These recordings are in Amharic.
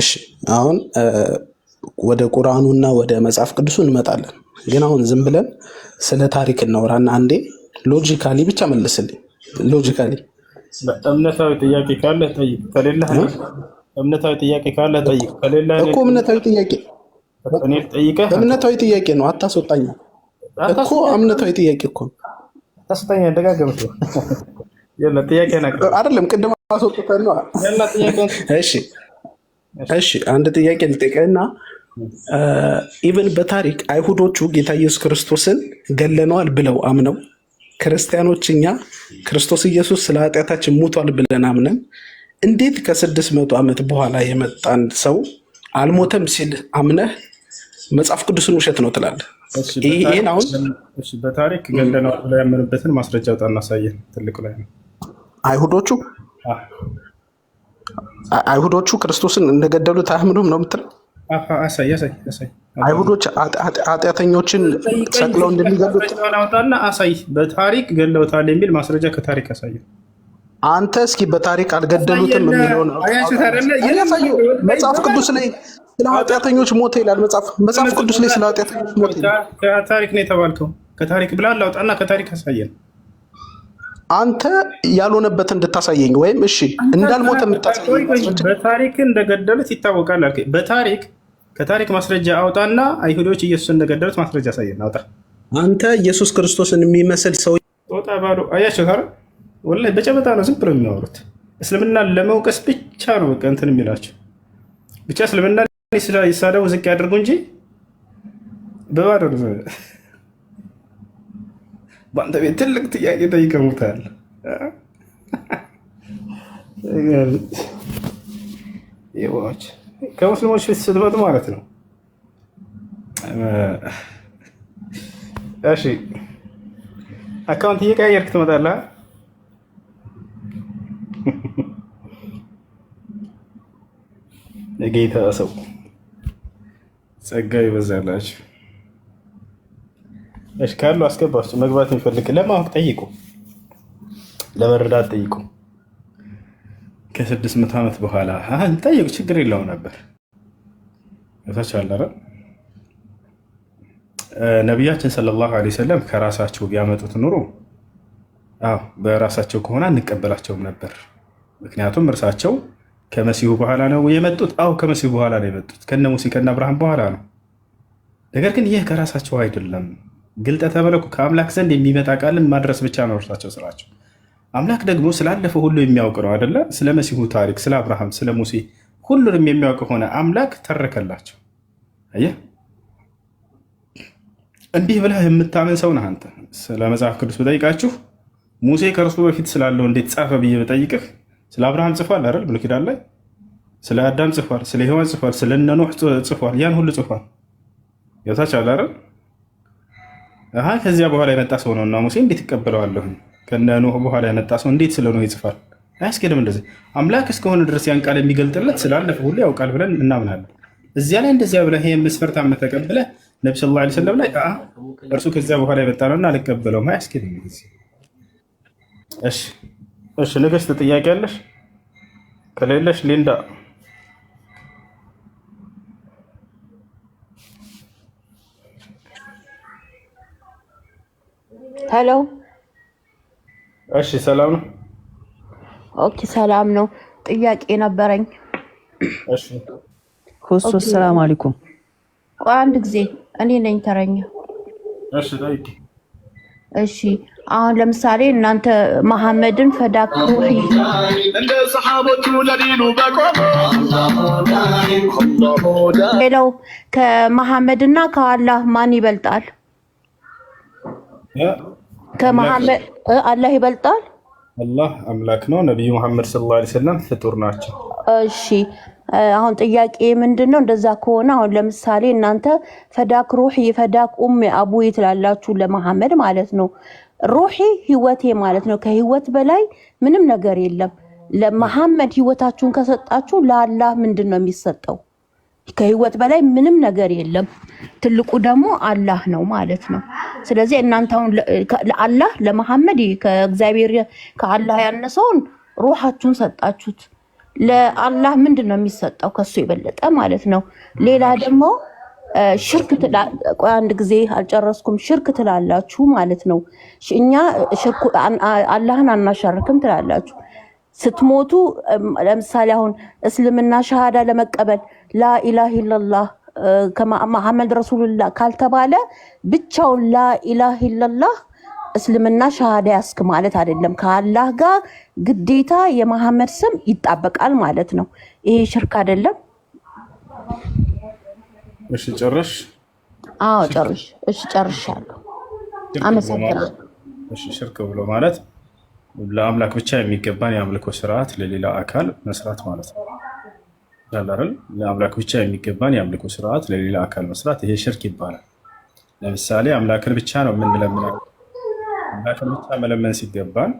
እሺ አሁን ወደ ቁርአኑ እና ወደ መጽሐፍ ቅዱሱ እንመጣለን። ግን አሁን ዝም ብለን ስለ ታሪክ እናውራና አንዴ ሎጂካሊ ብቻ መልስልኝ። ሎጂካሊ እምነታዊ ጥያቄ ካለ ጠይቅ፣ ከሌለ እምነታዊ ጥያቄ ካለ ጠይቅ፣ ከሌለ እኮ እምነታዊ ጥያቄ እምነታዊ ጥያቄ ነው። አታስወጣኛ እኮ እምነታዊ ጥያቄ እኮ አታስወጣኛ። ጥያቄ አደጋገም አይደለም፣ ቅድም አስወጥተን ነው። እሺ እሺ አንድ ጥያቄ ልጠይቅህና ኢቨን በታሪክ አይሁዶቹ ጌታ ኢየሱስ ክርስቶስን ገለነዋል ብለው አምነው ክርስቲያኖች እኛ ክርስቶስ ኢየሱስ ስለ ኃጢአታችን ሞቷል ብለን አምነን እንዴት ከስድስት መቶ ዓመት በኋላ የመጣን ሰው አልሞተም ሲል አምነህ መጽሐፍ ቅዱስን ውሸት ነው ትላለህ? ይህን አሁን በታሪክ ገለነዋል ብለው ያመኑበትን ማስረጃ ውጣ እናሳየን። ትልቁ ላይ ነው አይሁዶቹ አይሁዶቹ ክርስቶስን እንደገደሉት አያምኑም ነው የምትለው? አይሁዶች ኃጢአተኞችን ሰቅለው እንደሚገሉት አውጣና አሳይ። በታሪክ ገለውታል የሚል ማስረጃ ከታሪክ አሳየ። አንተ እስኪ በታሪክ አልገደሉትም የሚለውን መጽሐፍ ቅዱስ ላይ ስለ ኃጢአተኞች ሞተ ይላል። መጽሐፍ ቅዱስ ላይ ስለ ኃጢአተኞች ሞተ ከታሪክ ነው የተባልከው። ከታሪክ ብላ ላውጣና ከታሪክ አሳየን። አንተ ያልሆነበት እንድታሳየኝ ወይም እሺ እንዳልሞተ የምታሳየኝ በታሪክ እንደገደሉት ይታወቃል። በታሪክ ከታሪክ ማስረጃ አውጣና አይሁዶች ኢየሱስ እንደገደሉት ማስረጃ ሳየን አውጣ። አንተ ኢየሱስ ክርስቶስን የሚመስል ሰው ወጣ ባሉ አያቸው ረ ወላሂ በጨበጣ ነው ዝም ብሎ የሚያወሩት። እስልምና ለመውቀስ ብቻ ነው በቃ እንትን የሚላቸው ብቻ እስልምና ይሳደቡ ዝቅ ያደርጉ እንጂ በባዶ በአንተ ቤት ትልቅ ጥያቄ ጠይቀውታል። ከሙስሊሞች ፊት ስትመጡ ማለት ነው። እሺ አካውንት እየቀያየርክ ትመጣለህ። የጌታ ሰው ጸጋ ይበዛላችሁ። እሺ ካሉ አስገባችሁ። መግባት የሚፈልግ ለማወቅ ጠይቁ፣ ለመረዳት ጠይቁ። ከስድስት መቶ ዓመት በኋላ ጠይቁ፣ ችግር የለው ነበር ታች ነቢያችን ሰለላሁ ዐለይሂ ወሰለም ከራሳቸው ቢያመጡት ኑሮ አዎ በራሳቸው ከሆነ አንቀበላቸውም ነበር። ምክንያቱም እርሳቸው ከመሲሁ በኋላ ነው የመጡት። አዎ ከመሲሁ በኋላ ነው የመጡት፣ ከነ ሙሴ ከነ አብርሃም በኋላ ነው። ነገር ግን ይህ ከራሳቸው አይደለም። ግልጠተ መለኮ ከአምላክ ዘንድ የሚመጣ ቃልን ማድረስ ብቻ ነው እርሳቸው ስራቸው። አምላክ ደግሞ ስላለፈው ሁሉ የሚያውቅ ነው አደለ? ስለ መሲሁ ታሪክ፣ ስለ አብርሃም፣ ስለ ሙሴ ሁሉንም የሚያውቅ ሆነ አምላክ ተረከላቸው። አየህ፣ እንዲህ ብለህ የምታምን ሰው ነህ አንተ። ስለ መጽሐፍ ቅዱስ ብጠይቃችሁ ሙሴ ከእርሱ በፊት ስላለው እንዴት ጻፈ ብዬ ብጠይቅህ ስለ አብርሃም ጽፏል አይደል? ብሉይ ኪዳን ላይ ስለ አዳም ጽፏል፣ ስለ ሔዋን ጽፏል፣ ስለ እነ ኖህ ጽፏል፣ ያን ሁሉ ጽፏል። የታች አለ አይደል? ከዚያ በኋላ የመጣ ሰው ነው እና ሙሴ እንዴት ይቀበለዋለሁ? ከነ ኖህ በኋላ የመጣ ሰው እንዴት ስለ ኖህ ይጽፋል? አያስኬድም። እንደዚህ አምላክ እስከሆነ ድረስ ያን ቃል የሚገልጥለት ስላለፈ ሁሉ ያውቃል ብለን እናምናለን። እዚያ ላይ እንደዚያ ብለ ይህ መስፈርት አምነህ ተቀብለ ነቢ ስ ላ ስለም ላይ እርሱ ከዚያ በኋላ የመጣ ነውና አልቀበለውም። አያስኬድም። እሺ፣ ንግስት ጥያቄ አለሽ? ከሌለሽ ሊንዳ ሄሎ። እሺ፣ ሰላም ነው። ኦኬ፣ ሰላም ነው። ጥያቄ ነበረኝ። እሺ። ሁሱ ሰላም አለይኩም። አንድ ጊዜ እኔ ነኝ ተረኛ። እሺ፣ ዳይዲ። እሺ፣ አሁን ለምሳሌ እናንተ መሐመድን ፈዳክ እንደ ሰሃቦቹ ለዲኑ በቆሙ ሌላው ከመሐመድና ከአላህ ማን ይበልጣል? ከመሐመድ አላህ ይበልጣል። አላህ አምላክ ነው። ነቢዩ መሐመድ ሰለላሁ ዐለይሂ ወሰለም ፍጡር ናቸው። እሺ አሁን ጥያቄ ምንድን ነው? እንደዛ ከሆነ አሁን ለምሳሌ እናንተ ፈዳክ ሩሒ ፈዳክ ኡም አቡ ትላላችሁ ለመሐመድ ማለት ነው። ሩሒ ህይወቴ ማለት ነው። ከህይወት በላይ ምንም ነገር የለም። ለመሐመድ ህይወታችሁን ከሰጣችሁ ለአላህ ምንድን ነው የሚሰጠው? ከህይወት በላይ ምንም ነገር የለም። ትልቁ ደግሞ አላህ ነው ማለት ነው። ስለዚህ እናንተ አሁን ለአላህ ለመሐመድ ከእግዚአብሔር ከአላህ ያነሰውን ሩሃችሁን ሰጣችሁት። ለአላህ ምንድን ነው የሚሰጠው? ከሱ የበለጠ ማለት ነው። ሌላ ደግሞ ሽርክ ቆይ አንድ ጊዜ አልጨረስኩም። ሽርክ ትላላችሁ ማለት ነው። እኛ አላህን አናሻርክም ትላላችሁ። ስትሞቱ ለምሳሌ አሁን እስልምና ሻሃዳ ለመቀበል ላኢላህ ኢለላህ መሐመድ ረሱሉላህ ካልተባለ ብቻውን ላኢላህ ኢለላህ እስልምና ሻሃዳ ያስክ ማለት አይደለም። ከአላህ ጋር ግዴታ የመሐመድ ስም ይጣበቃል ማለት ነው። ይሄ ሽርክ አይደለም። እሺ ጨረሽ? አዎ ጨርሽ። እሺ ጨርሻለሁ። አመሰግናለሁ። እሺ ሽርክ ብሎ ማለት ለአምላክ ብቻ የሚገባን የአምልኮ ስርዓት ለሌላ አካል መስራት ማለት ነው። ላላህን ለአምላክ ብቻ የሚገባን የአምልኮ ስርዓት ለሌላ አካል መስራት ይሄ ሽርክ ይባላል። ለምሳሌ አምላክን ብቻ ነው የምንለምነው። አምላክን ብቻ መለመን ሲገባን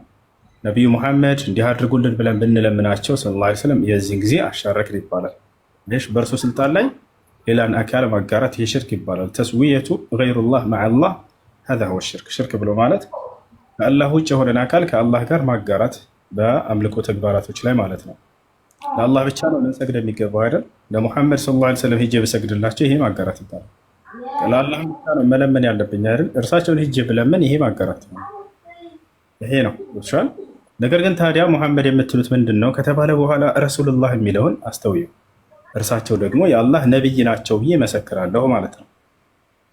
ነቢዩ መሐመድ እንዲህ አድርጉልን ብለን ብንለምናቸው ሰለላሁ ዐለይሂ ወሰለም የዚህን ጊዜ አሻረክን ይባላል። ሽ በእርሶ ስልጣን ላይ ሌላን አካል ማጋራት ይሄ ሽርክ ይባላል። ተስዊየቱ ገይሩላህ መዐላህ ሀዛ ሁወ ሽርክ። ሽርክ ብሎ ማለት ከአላህ ውጭ የሆነን አካል ከአላህ ጋር ማጋራት በአምልኮ ተግባራቶች ላይ ማለት ነው። ለአላህ ብቻ ነው ልንሰግድ የሚገባው አይደል? ለሙሐመድ ሰለላሁ ዐለይሂ ወሰለም ሂጄ ብሰግድላቸው ይሄ ማጋራት ይባላል። ለአላህ ብቻ ነው መለመን ያለብኝ አይደል? እርሳቸውን ሂጄ ብለመን ይሄ ማጋራት ነው። ይሄ ነው ሻል። ነገር ግን ታዲያ ሙሐመድ የምትሉት ምንድን ነው ከተባለ በኋላ ረሱልላህ የሚለውን አስተውዩ። እርሳቸው ደግሞ የአላህ ነቢይ ናቸው ብዬ መሰክራለሁ ማለት ነው።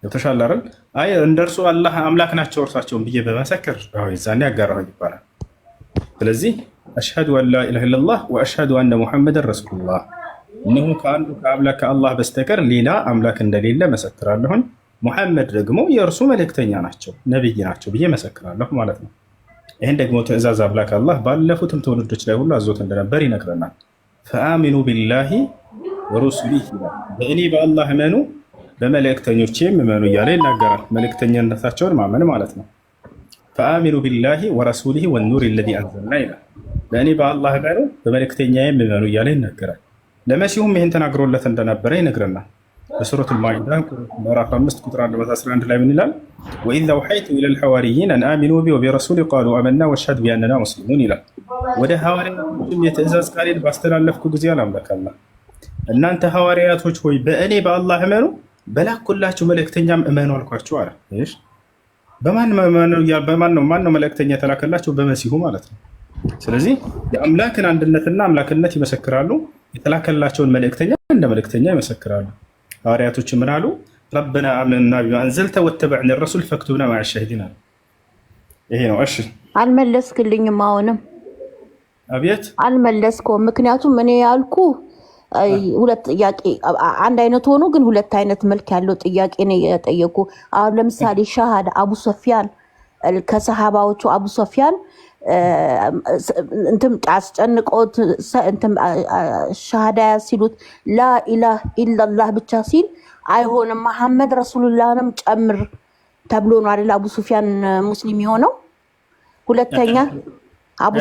ገብቶሻል አይደል? አይ እንደ እርሱ አላህ አምላክ ናቸው እርሳቸውን ብዬ በመሰክር ዛኔ ያጋራሁ ይባላል። ስለዚህ አሽሀዱ አን ላኢላሃ ኢለላህ ወአሽሀዱ አነ ሙሐመደን ረሱሉላህ እነሆ ከአንዱ ከአምላክ ከአላህ በስተቀር ሌላ አምላክ እንደሌለ መሰክራለሁን ሙሐመድ ደግሞ የእርሱ መልእክተኛ ናቸው ነቢይ ናቸው ብዬ መሰክራለሁ ማለት ነው። ይህን ደግሞ ትእዛዝ አምላክ አላህ ባለፉትም ትውልዶች ላይ ሁሉ አዞት እንደነበር ይነግረናል። ፈአሚኑ ቢላሂ ወሩሱሊህ ይላል። በእኔ በአላህ እመኑ በመልእክተኞቼም እመኑ እያለ ይናገራል። መልእክተኝነታቸውን ማመን ማለት ነው። ፈአሚኑ ቢላሂ ወረሱሊህ ወኑር ለዚ አንዘልና ይላል በእኔ በአላህ እመኑ በመልእክተኛዬም የሚመኑ እያለ ይነገራል። ለመሲሁም ይህን ተናግሮለት እንደነበረ ይነግረናል። በሱረት ማኢዳ ምዕራፍ 5 ቁጥር 11 ላይ ምን ይላል? ወኢዝ አውሐይቱ ኢለ ልሐዋርይን አን አሚኑ ቢ ወቢረሱል ቃሉ አመና ወሻድ ቢያነና ሙስሊሙን ይላል። ወደ ሐዋርያቶችም የትእዛዝ ቃሌን ባስተላለፍኩ ጊዜ አላምላካላ እናንተ ሐዋርያቶች ሆይ በእኔ በአላህ እመኑ በላኩላችሁ መልእክተኛም እመኑ አልኳቸው አለ። በማን ነው መልእክተኛ የተላከላቸው? በመሲሁ ማለት ነው። ስለዚህ የአምላክን አንድነትና አምላክነት ይመሰክራሉ። የተላከላቸውን መልእክተኛ እንደ መልእክተኛ ይመሰክራሉ። ሐዋርያቶች ምን አሉ? ረበና አምንና ቢማ አንዘልተ ወተበዕን ረሱል ፈክቱብና ማዕ ሻሂዲን አሉ። ይሄ ነው። እሺ አልመለስክልኝም። አሁንም አብየት አልመለስከውም። ምክንያቱም እኔ ያልኩ ሁለት ጥያቄ አንድ አይነት ሆኖ ግን ሁለት አይነት መልክ ያለው ጥያቄ ነው የጠየቁ። አሁን ለምሳሌ ሻሃድ አቡ ሶፊያን ከሰሃባዎቹ አቡ ሶፊያን እንትም አስጨንቆት እንትም ሻሃዳ ሲሉት ላኢላህ ኢላላህ ብቻ ሲል አይሆንም መሐመድ ረሱሉላህንም ጨምር ተብሎ ነው አይደል? አቡ ሱፊያን ሙስሊም የሆነው ሁለተኛ አቡ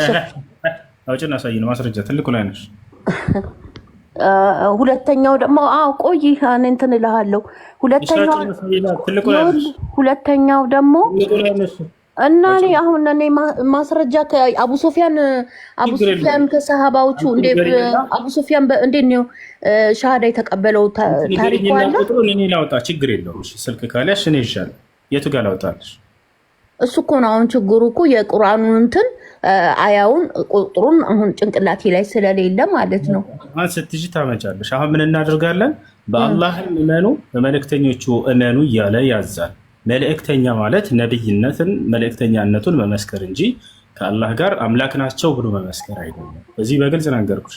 አውጭና ሳይ ነው ማስረጃ ትልቁ ላይ ነሽ። ሁለተኛው ደግሞ ቆይ እኔ እንትን እልሃለሁ። ሁለተኛው ሁለተኛው ደግሞ እና እኔ አሁን እኔ ማስረጃ ከአቡ ሶፊያን አቡ ሶፊያን ከሰሃባዎቹ እንዴ አቡ ሶፊያን እንዴት ነው ሻሃዳ የተቀበለው ታሪክ አለ። እኔ ላውጣ ችግር የለውም። እሺ ስልክ ካለሽ እኔ ይሻል። የቱ ጋር ላውጣልሽ? እሱ እኮ ነው አሁን ችግሩ እኮ የቁርአኑን እንትን አያውን ቁጥሩን አሁን ጭንቅላቴ ላይ ስለሌለ ማለት ነው። አሁን ስትጂ ታመጫለሽ። አሁን ምን እናደርጋለን? በአላህ እመኑ በመልእክተኞቹ እመኑ እያለ ያዛል። መልእክተኛ ማለት ነብይነትን መልእክተኛነቱን መመስከር እንጂ ከአላህ ጋር አምላክ ናቸው ብሎ መመስከር አይደለም። በዚህ በግልጽ ነገርኩሽ።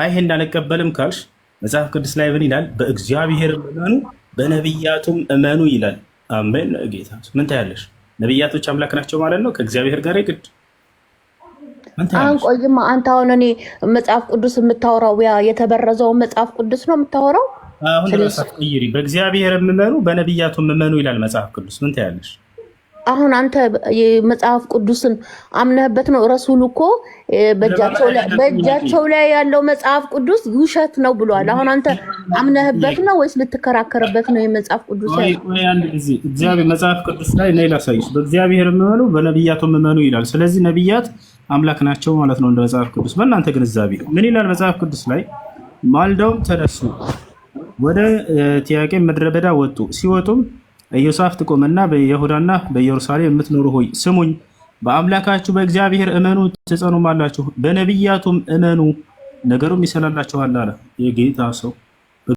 አይ ይሄን አልቀበልም ካልሽ መጽሐፍ ቅዱስ ላይ ምን ይላል? በእግዚአብሔር እመኑ በነብያቱም እመኑ ይላል። አሜን ጌታ ምን ታያለሽ? ነብያቶች አምላክ ናቸው ማለት ነው ከእግዚአብሔር ጋር ይግድ አሁን ቆይማ፣ አንተ አሁን እኔ መጽሐፍ ቅዱስ የምታወራው ያ የተበረዘውን መጽሐፍ ቅዱስ ነው የምታወራው አሁን ራሳትቀይሪ በእግዚአብሔር የምመኑ በነቢያቱ የምመኑ ይላል መጽሐፍ ቅዱስ። ምን ታያለሽ? አሁን አንተ የመጽሐፍ ቅዱስን አምነህበት ነው። ረሱሉ እኮ በእጃቸው ላይ ያለው መጽሐፍ ቅዱስ ውሸት ነው ብሏል። አሁን አንተ አምነህበት ነው ወይስ ልትከራከርበት ነው? የመጽሐፍ ቅዱስ ጊዜ እግዚአብሔር መጽሐፍ ቅዱስ ላይ ነይ ላሳይሽ። በእግዚአብሔር የምመኑ በነቢያቱ የምመኑ ይላል። ስለዚህ ነቢያት አምላክ ናቸው ማለት ነው እንደ መጽሐፍ ቅዱስ። በእናንተ ግንዛቤ ምን ይላል መጽሐፍ ቅዱስ ላይ? ማልዳውም ተነሱ ወደ ጥያቄ ምድረ በዳ ወጡ። ሲወጡም ኢዮሳፍጥ ቆመና በይሁዳና በኢየሩሳሌም የምትኖሩ ሆይ ስሙኝ፣ በአምላካችሁ በእግዚአብሔር እመኑ አላችሁ በነቢያቱም እመኑ ነገሩም ይሰላላችኋል አለ የጌታ ሰው